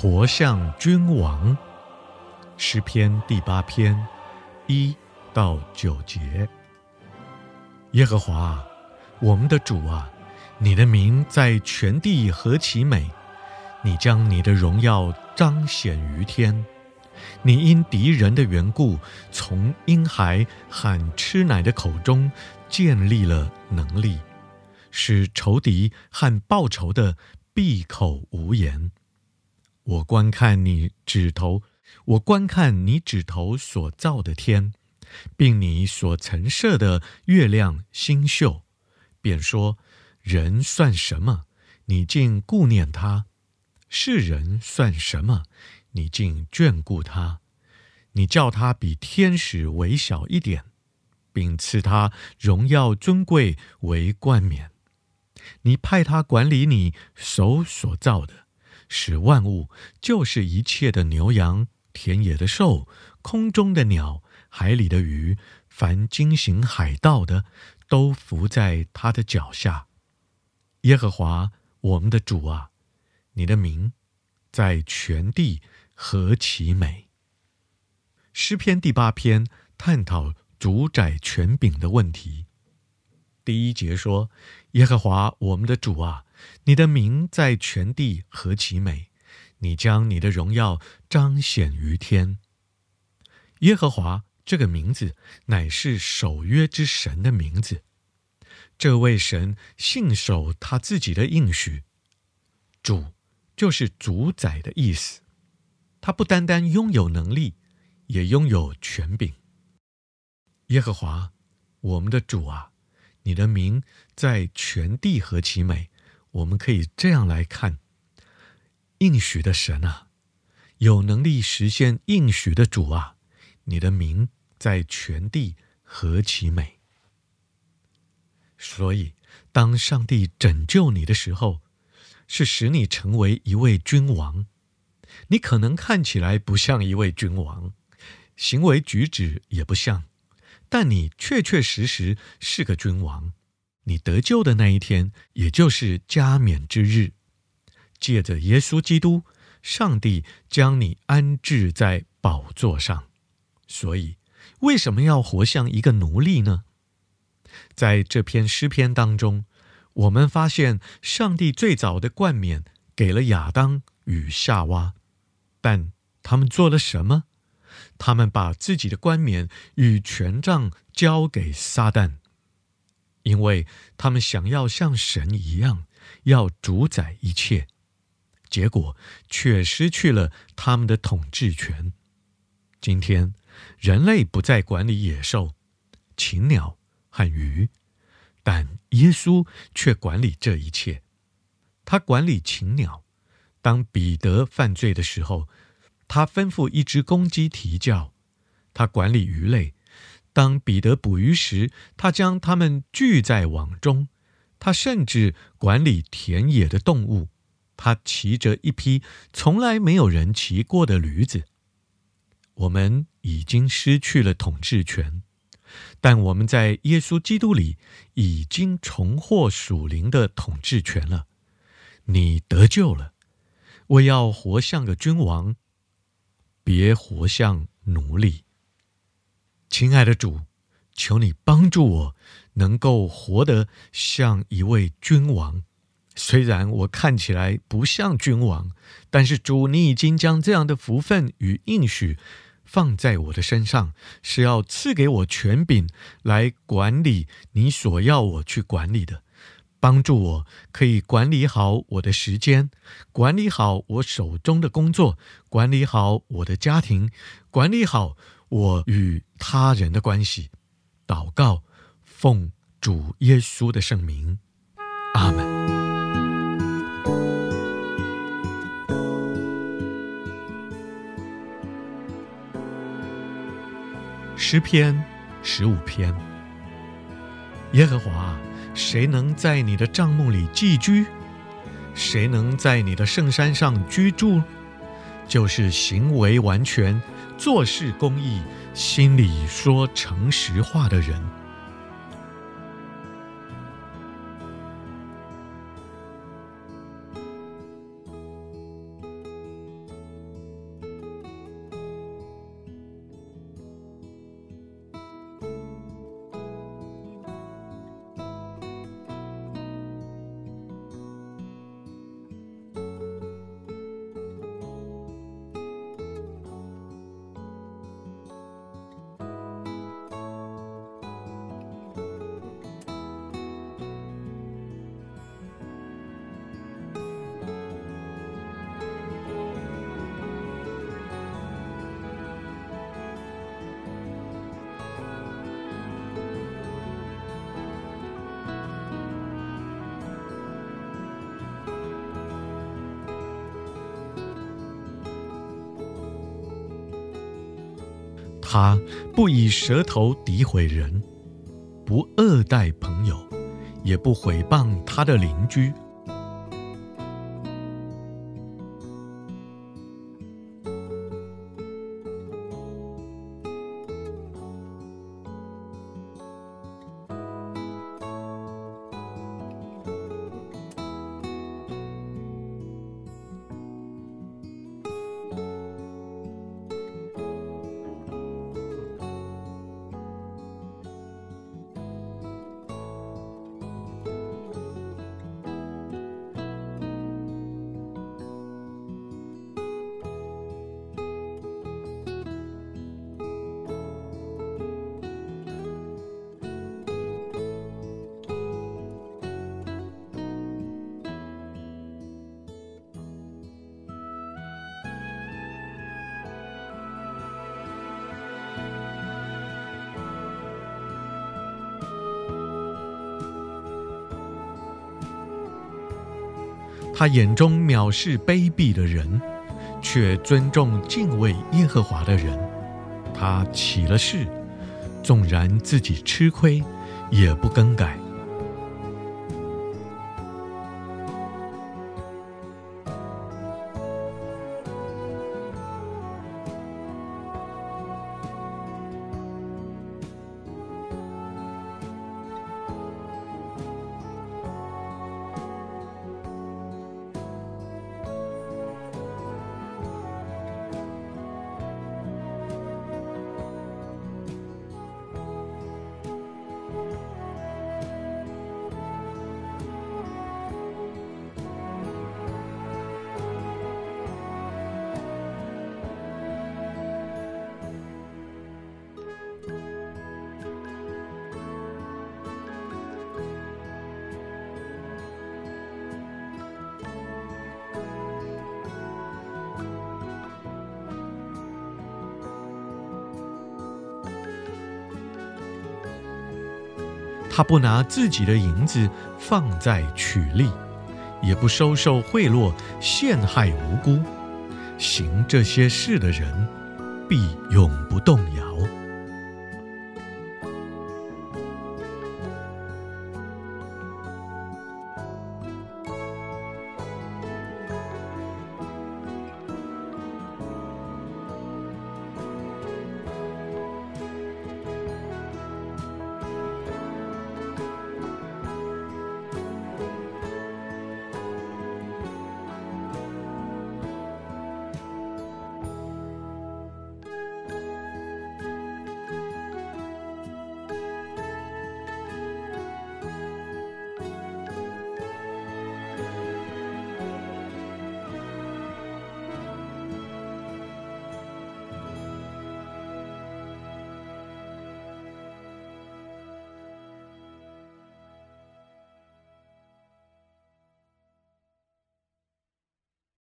活像君王，《詩篇》第八篇一到九節。耶和華，我們的主啊，你的名在全地何其美！你將你的榮耀彰顯於天。你因敵人的緣故，從嬰孩和吃奶的口中建立了能力，使仇敵和報仇的閉口無言。我觀看你指頭，我觀看你指頭所造的天，並你所陳設的月亮星宿，便說：人算什麼？你竟顧念他；世人算什麼？你竟眷顧他？你叫他比天使微小一點，並賜他榮耀尊貴為冠冕。你派他管理你手所造的。使萬物就是一切的牛羊、田野的獸、空中的鳥、海裡的魚，凡經行海道的，都伏在他的腳下。耶和華我們的主啊，你的名在全地何其美！詩篇第八篇探討主宰權柄的問題。第一節說：“耶和華我們的主啊。”你的名在全地何其美！你將你的榮耀彰顯於天。耶和華這個名字乃是守約之神的名字。這位神信守他自己的應許。主就是主宰的意思。他不單單擁有能力，也擁有權柄。耶和華，我們的主啊，你的名在全地何其美！我們可以這樣來看，應許的神啊，有能力實現應許的主啊，你的名在全地何其美！所以，當上帝拯救你的時候，是使你成為一位君王。你可能看起來不像一位君王，行為舉止也不像，但你確確實實是個君王。你得救的那一天，也就是加冕之日，借着耶穌基督，上帝將你安置在寶座上。所以，為什麼要活像一個奴隸呢？在這篇詩篇當中，我們發現上帝最早的冠冕給了亞當與夏娃，但他們做了什麼？他們把自己的冠冕與權杖交給撒旦。因為他們想要像神一樣，要主宰一切，結果卻失去了他們的統治權。今天，人類不再管理野獸、禽鳥和魚，但耶穌卻管理這一切。他管理禽鳥，當彼得犯罪的時候，他吩咐一隻公雞啼叫；他管理魚類。當彼得捕魚時，他將他們聚在網中。他甚至管理田野的動物。他騎着一匹從來沒有人騎過的驢子。我們已經失去了統治權，但我們在耶穌基督裡已經重獲屬靈的統治權了。你得救了。我要活像個君王，別活像奴隸。親愛的主，求你幫助我，能夠活得像一位君王。雖然我看起來不像君王，但是主，你已經將這樣的福分與應許放在我的身上，是要賜給我權柄來管理你所要我去管理的。幫助我可以管理好我的時間，管理好我手中的工作，管理好我的家庭，管理好我與他人的關係。禱告，奉主耶穌的聖名，阿門。詩篇十五篇，耶和華。誰能在你的帳幕裡寄居？誰能在你的聖山上居住？就是行為完全、做事公義、心裡說誠實話的人。他不以舌頭詆毀人，不惡待朋友，也不誹謗他的鄰居。他眼中藐視卑鄙的人，卻尊重敬畏耶和華的人。他起了誓，縱然自己吃虧，也不更改。他不拿自己的銀子放在取利，也不收受賄賂陷害無辜，行這些事的人，必永不動搖。